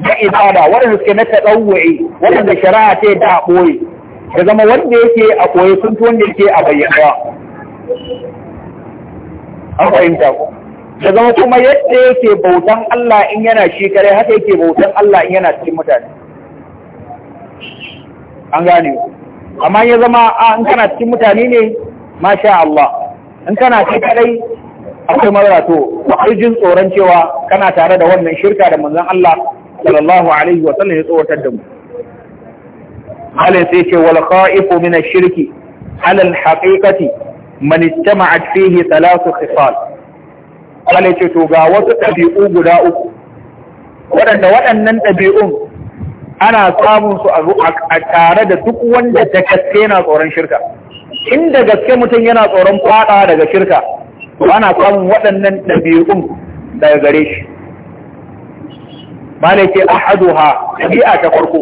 na ibada waɗanda suke na taɗauwa'i waɗanda shari'a ce da ɓoye ya zama wanda yake a koyi sun fi wanda yake a bayyanawa an fahimta ku ya zama kuma yadda yake bautan Allah in yana shi kare haka yake bautan Allah in yana cikin mutane an gane ku amma ya zama a in kana cikin mutane ne masha Allah in kana cikin kadai akwai marara to jin tsoron cewa kana tare da wannan shirka da manzan Allah sallallahu alaihi wa sallam ya tsawatar da mu malin sai ce wal qa'ifu min ash-shirki ala al-haqiqati man istama'at fihi thalathu khisal malin ce to ga wasu ɗabi'u guda uku waɗanda waɗannan ɗabi'un ana samun su a tare da duk wanda ta gaske yana tsoron shirka inda gaske mutum yana tsoron fada daga shirka to ana samun waɗannan ɗabi'un daga gare shi malai ce ahaduha ɗabi'a ta farko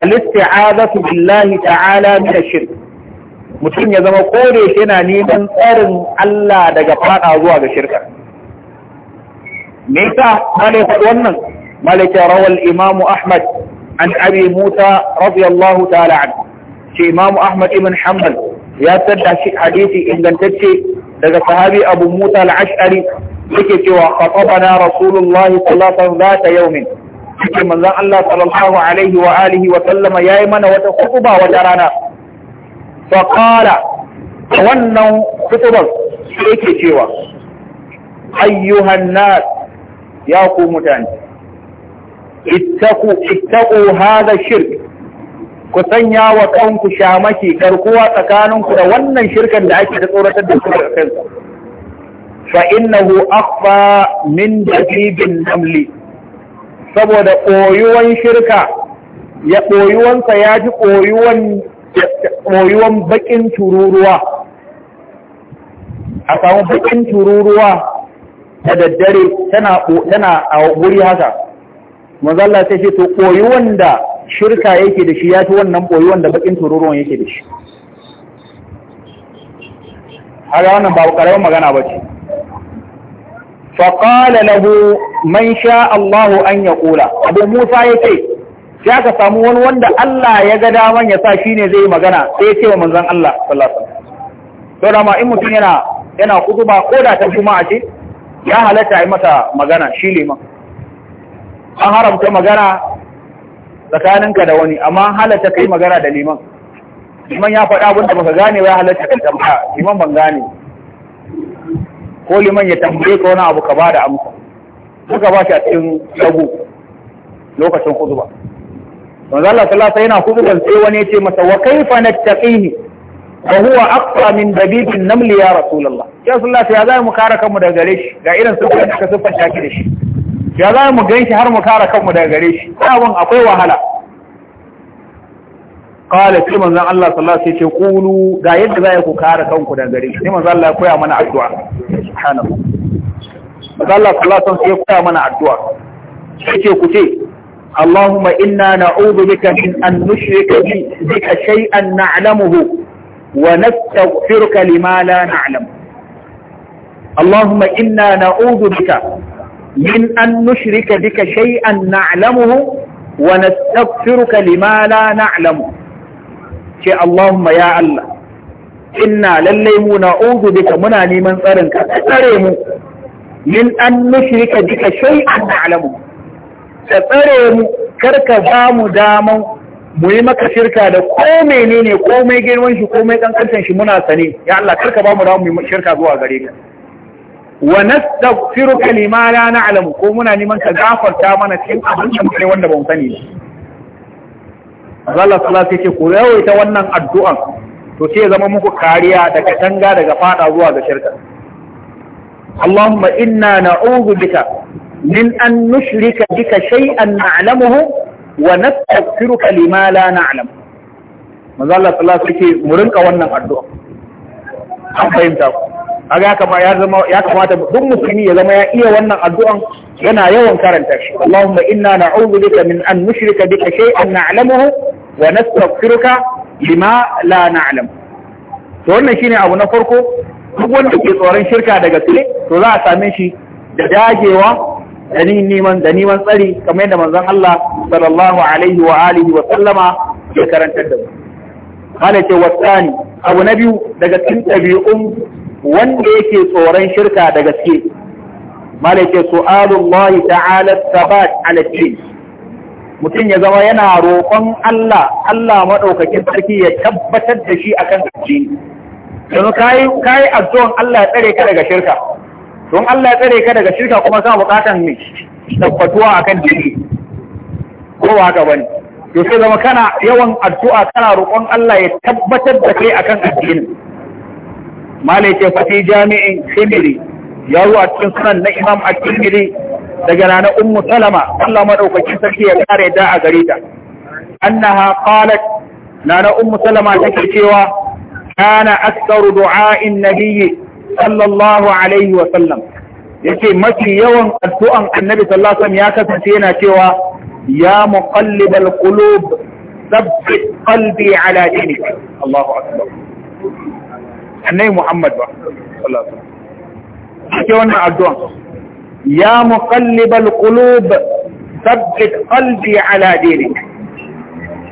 al billahi ta'ala min ash-shirk mutum ya zama kore shi yana neman tsarin Allah daga fada zuwa ga shirka me yasa malai faɗi wannan malaka rawar imamu ahmad an abi musa radiyallahu ta'ala anhu shi imamu ahmad ibn hanbal ya tada shi hadisi ingantacce daga sahabi abu musa al-ash'ari yake cewa khatabana rasulullahi sallallahu alaihi wasallam zata yawmin cikin manzon Allah sallallahu alaihi wa alihi wa sallama yayi mana wata khutba wata rana fa qala wannan khutban yake cewa ayyuhan nas ya ku mutane ittaqu ittaqu hadha shirk ku sanya wa kanku shamaki garkuwa tsakaninku da wannan shirkan da ake da tsoratar da su daga kansa fa innahu akhfa min dabibin namli saboda ɓoyuwan shirka ya ɓoyuwansa ya ji ɓoyuwan baƙin tururuwa a samu baƙin tururuwa da daddare tana a wuri haka mazalla ta ce to ɓoyuwan da shirka yake da shi ya fi wannan ɓoyuwan da baƙin tururuwan yake da shi haka wannan ba ƙaramin magana ba ce faƙala lahu man sha Allahu an ya kula abu Musa ya ce sai aka samu wani wanda Allah ya ga daman ya sa shine zai magana sai ya ce wa manzon Allah sallallahu alaihi wasallam to dama in mutum yana yana kutuba ko da ta juma'a ce ya halatta yi mata magana shi liman an haramta magana tsakaninka da wani amma halatta ka yi magana da liman liman ya faɗa abinda baka gane ya halatta ka tambaya liman ban gane ko liman ya tambaye ka wani abu ka ba da amsa suka ba shi a cikin shagu lokacin kuzuba manzo Allah sallallahu alaihi yana kuzuban sai wani ce masa wa kaifa nattaqihi ba huwa aqra min dabibin namli ya rasulullah ya sallallahu ya zai mu kare kanmu daga gare shi ga irin sufan da ka sufan shaki da shi ya zai mu shi har mu kare kanmu daga gare shi abun akwai wahala qala sai manzan Allah sallallahu alaihi ce kulu ga yadda za ku kare kanku daga gare shi sai manzan Allah ya koya mana addu'a Allah sallallahu alaihi wasallam ya koya mana addu'a yake ku ce Allahumma inna na'udhu bika min an nushrika bika shay'an na'lamuhu wa nastaghfiruka lima la na'lam Allahumma inna na'udhu bika min an nushrika bika shay'an na'lamuhu wa nastaghfiruka lima la na'lamu ce Allahumma ya Allah inna lallai mu na'udhu bika muna neman tsarinka tsare mu min an nushrika shai an alamu. ka tsare mu karka ba mu daman mu yi maka shirka da ne ne, komai girman shi komai kankantan shi muna sane ya Allah karka ba mu daman mu yi shirka zuwa gare ka wa nastaghfiruka lima la na'lamu ko muna neman ka gafarta mana cikin abin da muke wanda ba mu sani ba Allah sallallahu alaihi ku yawaita wannan addu'a to sai zama muku kariya daga tanga daga fada zuwa ga shirka اللهم إنا نعوذ بك من أن نشرك بك شيئا نعلمه ونستغفرك لما لا نعلم manzo Allah sallallahu alaihi wasallam mu rinka wannan addu'a an fahimta ku kaga ya zama ya kamata duk musulmi ya zama ya iya wannan addu'an yana yawan karanta shi Allahumma inna na'udhu bika min an nushrika bika shay'an na'lamuhu wa lima la to wannan shine abu na farko duk wanda ke tsoron shirka da gaske to za a same shi da dagewa da neman da neman tsari kamar yadda manzon Allah sallallahu alaihi wa alihi wa sallama ke karantar da mu ce wasani abu na biyu daga cikin ɗabi'un wanda yake tsoron shirka da gaske malake su'alullahi ta'ala sabat ala mutum ya zama yana roƙon Allah Allah maɗaukakin sarki ya tabbatar da shi akan addini yanzu kayi yi addu'an Allah ya tsare ka daga shirka don Allah ya tsare ka daga shirka kuma sa bukatan ne tabbatuwa akan jiki, ko ba haka bane to sai zama kana yawan addu'a kana roƙon Allah ya tabbatar da kai akan addinin? malai ce fati jami'in khimri ya a cikin sunan na imam a daga nana ummu salama Allah sarki ya kare da a gare ta annaha qalat nana ummu salama take cewa kana aksaru du'a'in nabiyyi sallallahu alaihi wa sallam yace mafi yawan addu'an annabi sallallahu ya kasance yana cewa ya muqallibal ƙulub thabbit ƙalbi ala Allahu akbar Muhammad ba wannan ya muqallibal qulub thabbit qalbi ala dinik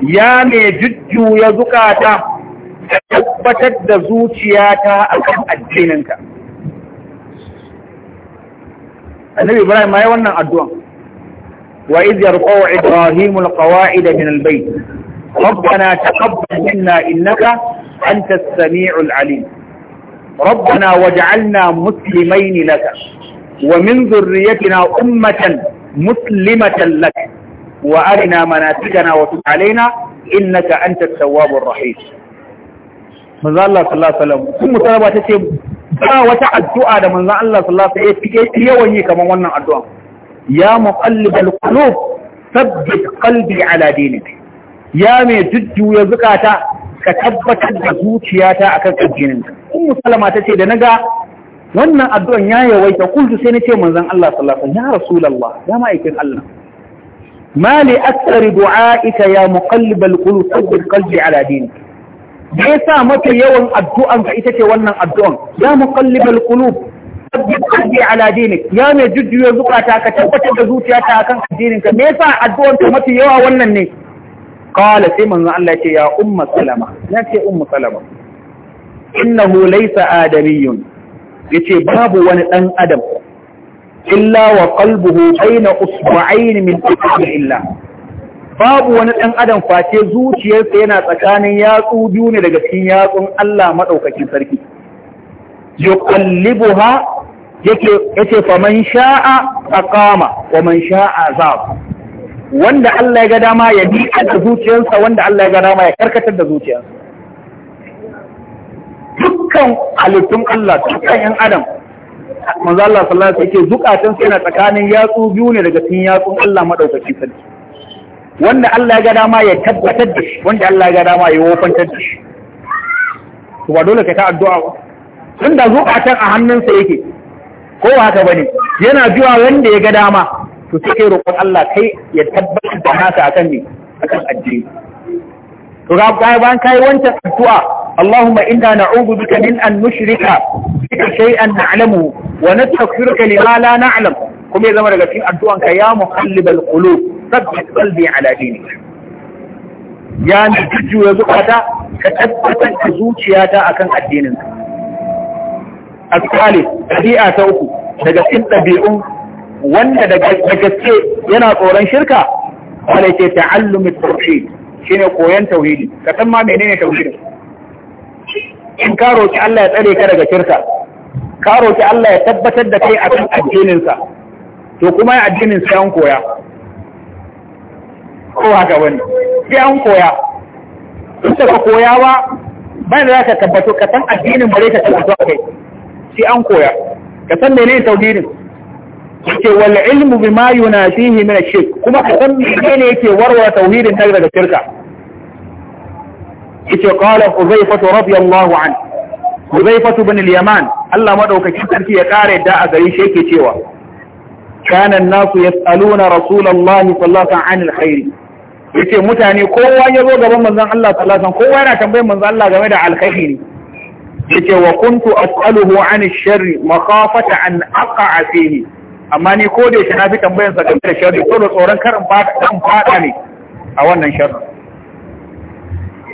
ya mai jujju ya zukata ka tabbatar da zuciyata a kan addininka annabi ibrahim ma yi wannan addu'an wa min ربنا تقبل منا إنك أنت السميع العليم ربنا واجعلنا مسلمين لك ومن ذريتنا أمة مسلمة لك وأرنا مناسكنا وتب علينا إنك أنت التواب الرحيم manzo Allah sallallahu alaihi wasallam kun mutaraba tace ba wata addu'a da manzo Allah sallallahu alaihi wasallam ya yawan yi kaman wannan addu'a ya muqallibal qulub thabbit qalbi ala dinik ya mai jujjuya zukata ka tabbatar da zuciyata akan addininka kun musalama tace da naga wannan addu'an ya yawaita kultu sai nace manzon Allah sallallahu alaihi wasallam ya rasulullah ya ma'aikin Allah ma li aktsari du'aika ya muqallibal qulub thabbit qalbi ala dinik me yasa mafi yawan addu'an ka ita ce wannan addu'an ya muqallibal qulub tabbit qalbi ala dinik ya mai jujjuyo zukata ka tabbatar da zuciyata akan addinin ka me yasa addu'an ka mafi yawa wannan ne qala sai manzon Allah ya ce ya umma salama ya ce umma salama innahu laysa adamiyun yace babu wani dan adam illa wa qalbuhu bayna usba'ayn min illa babu wani ɗan adam face zuciyarsa yana tsakanin yatsu biyu ne daga cikin yatsun Allah maɗaukakin sarki yuqallibuha yake yace faman sha'a aqama wa man sha'a zab wanda Allah ya ga dama ya bi da zuciyarsa wanda Allah ya ga dama ya karkatar da zuciyarsa dukkan halittun Allah dukkan yan adam manzo Allah sallallahu alaihi wasallam yake zukatansa yana tsakanin yatsu biyu ne daga cikin yatsun Allah maɗaukakin sarki wanda Allah ya ga dama ya tabbatar da shi wanda Allah ya ga dama ya wofantar da shi to ba dole ka ta addu'a ba tunda zuƙatan a hannunsa yake ko ba haka bane yana biwa wanda ya ga dama to sai kai roƙon Allah kai ya tabbatar da nasa akan ne akan addini to ga bayan kai wancan addu'a Allahumma inna na'udhu bika min an nushrika bika shay'an na'lamu wa nastaghfiruka lima la na'lam kuma ya zama daga cikin addu'anka ya muqallibal qulub sabbit qalbi ala dinik ya ni jujjuya zukata ka tabbatar da zuciyata akan addinin ka al-khalid dabi'a ta uku daga cikin dabi'un wanda da gaske yana tsoron shirka wala ce ta'allumi tauhid shine koyon tauhidi ka san ma menene tauhidi in ka roki Allah ya tsare ka daga shirka ka roki Allah ya tabbatar da kai akan addinin sa to kuma addinin sa an koya ko haka wani sai an koya in da ka koya ba bayan za ka tabbato ka san addinin bare ka tabbato a kai sai an koya ka san menene tauhidin yake wal ilmu bima yunafihi min ash-shirk kuma ka san ne yake warware tauhidin nan daga shirka yace qala uzayfa radiyallahu anhu uzayfa ibn al-yaman Allah madaukakin sarki ya kare da a gari shi yake cewa kana an-nasu yas'aluna rasulullahi sallallahu alaihi wasallam 'anil yace mutane kowa ya zo gaban manzon Allah sallallahu alaihi wasallam kowa yana tambayar manzon Allah game da alkhairi yace wa kuntu as'aluhu an ash-sharri makhafata an aqa'a fihi amma ni ko da yake na fi tambayar sa game da sharri ko da tsoron karin fata fada ne a wannan sharri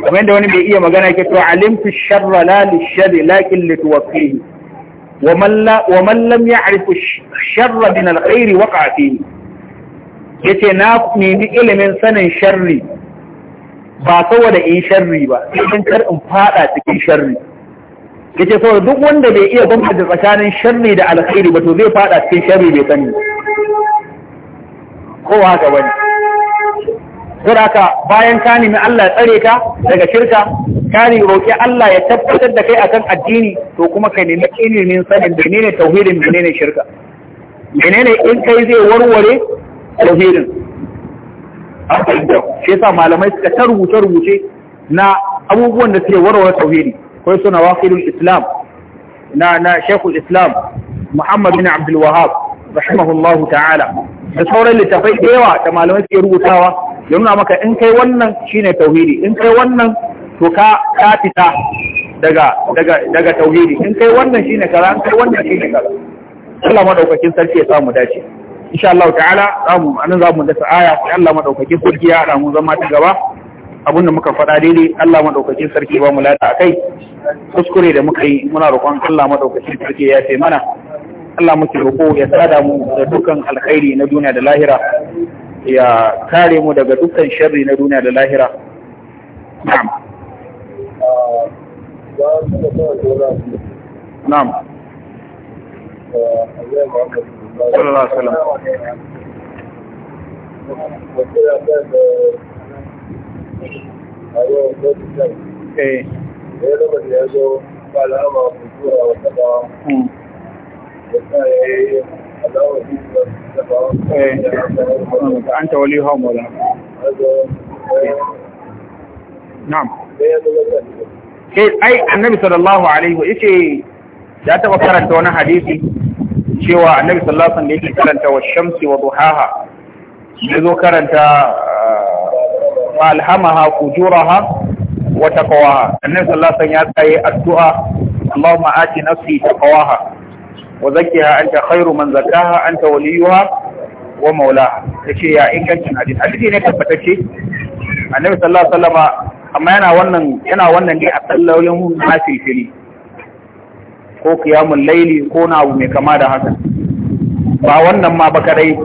kamar yadda wani bai iya magana yake to alimtu sharra la lish-sharri lakin lituwaffihi wa man la wa man lam ya'rifu ash-sharra min al-khairi waqa'a fihi ya ce na nemi ilimin sanin sharri ba saboda in sharri ba cikin kar in fada cikin sharri ya ce saboda duk wanda bai iya bambanta tsakanin sharri da alkhairi ba to zai fada cikin sharri bai sani kowa haka wani Saboda bayan ka nemi Allah ya tsare ka daga shirka ka ne roƙi Allah ya tabbatar da kai akan addini to kuma ka nemi ilimin sanin menene tauhidin menene shirka menene in kai zai warware alherin an fahimta shi yasa malamai suka ta rubuce-rubuce na abubuwan da suke warware tauhidi kai suna wakilin islam na na shekul islam Muhammadu bin abdul rahimahullahu ta'ala da sauran littafai da yawa da malamai suke rubutawa ya nuna maka in kai wannan shine tauhidi in kai wannan to ka fita daga daga in kai wannan shine kara, in kai wannan shine kaza Allah madaukakin sarki ya samu dace insha Allah ta'ala zamu anan zamu da aya sai Allah madaukake sarki ya hada mu zama ta gaba abin da muka faɗa daidai Allah madaukake sarki ba mu lada akai kuskure da muka yi muna roƙon Allah madaukake sarki ya ce mana Allah muke roƙo ya sada mu da dukkan alkhairi na duniya da lahira ya kare mu daga dukkan sharri na duniya da lahira na'am na'am eh, sallallahu alaihi wasallam eh. hmm. eh, ai annabi sallallahu alaihi wa ya taɓa karanta wani hadisi cewa annabi sallallahu alaihi wasallam karanta wa shamsi wa duhaha zo karanta ma uh, alhamaha fujuraha wa taqwaha annabi sallallahu alaihi wasallam ya tsaye addu'a Allahumma ati nafsi taqwaha wa zakkiha anta khairu man zakkaha anta waliyuha wa maulaha yace ya ingancin hadisi hadisi ne tabbatacce annabi sallallahu alaihi wasallam amma yana wannan yana wannan ne a sallolin nafil fili ko kiyamun laili ko na abu mai kama da haka ba wannan ma ba kadai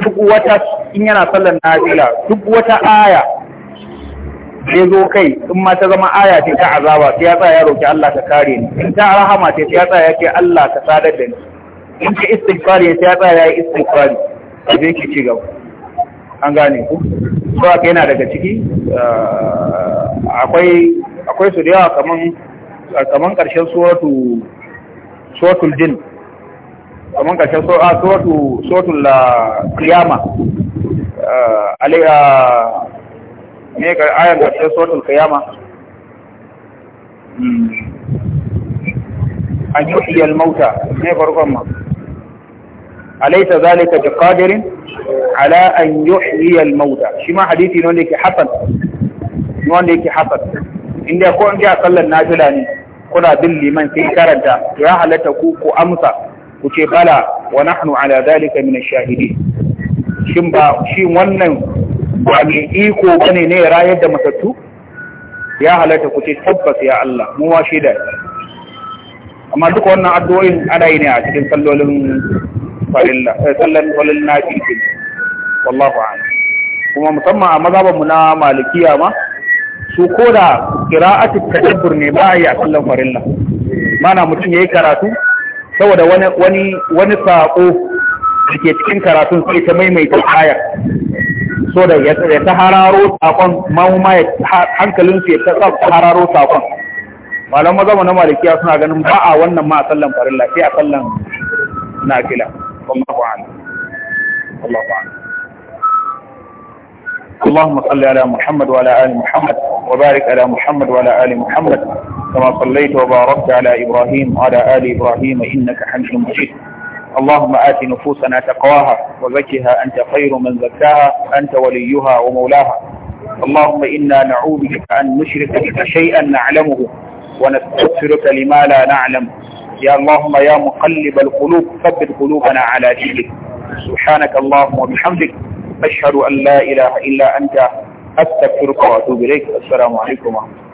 duk wata in yana sallar nafila duk wata aya sai zo kai in ma ta zama aya ce ta azaba sai ya tsaya ya roki Allah ka kare ni in ta rahama ce sai ya tsaya ya ce Allah ka sadar da ni in ta istighfari sai ya tsaya ya yi istighfari sai ki ci gaba an gane ku so ka yana daga ciki eh, akwai akwai su da yawa kaman kaman karshen suratu suratul jin kaman karshen suratu suratul ah, qiyama ah, alaiha ah, ne ga ayan karshen suratul qiyama hmm. an yi al-mauta ne farkon ma alaita zalika biqadirin ala an yuhyi al-mauta shi ma hadisi ne wanda yake hasan wanda yake hasan inda ko inda ji a sallar nafila ne kuna bin liman sai karanta ya halatta ku ku amsa ku ce bala wa nahnu ala zalika min ash-shahidi shin ba shi wannan ba mai iko bane ne rayar da matattu ya halatta ku ce tabbas ya Allah mu wa shaida amma duk wannan addu'o'in ana yi ne a cikin sallolin farilla eh, sallan walil nafil wallahu a'lam kuma musamman a mazhabanmu na malikiya ma su ko da qira'atu tadabbur ne ba yi a sallan farilla mana mutum yayi karatu saboda wani wani wani sako dake cikin karatun sai ta maimaita aya so da ya ta hararo sakon ma ya hankalin su ya ta hararo sakon malam maza na malikiya suna ganin ba a wannan ma a sallan farilla sai a sallan nafila wallahu a'lam wallahu a'lam اللهم صل على محمد وعلى آل محمد وبارك على محمد وعلى آل محمد كما صليت وباركت على إبراهيم وعلى آل إبراهيم إنك حميد مجيد اللهم آت نفوسنا تقواها وزكها أنت خير من زكاها أنت وليها ومولاها اللهم إنا نعوذ بك أن نشرك بك شيئا نعلمه ونستغفرك لما لا نعلم يا اللهم يا مقلب القلوب ثبت قلوبنا على دينك سبحانك اللهم وبحمدك أشهد أن لا إله إلا أنت أستغفرك وأتوب إليك السلام عليكم ورحمة الله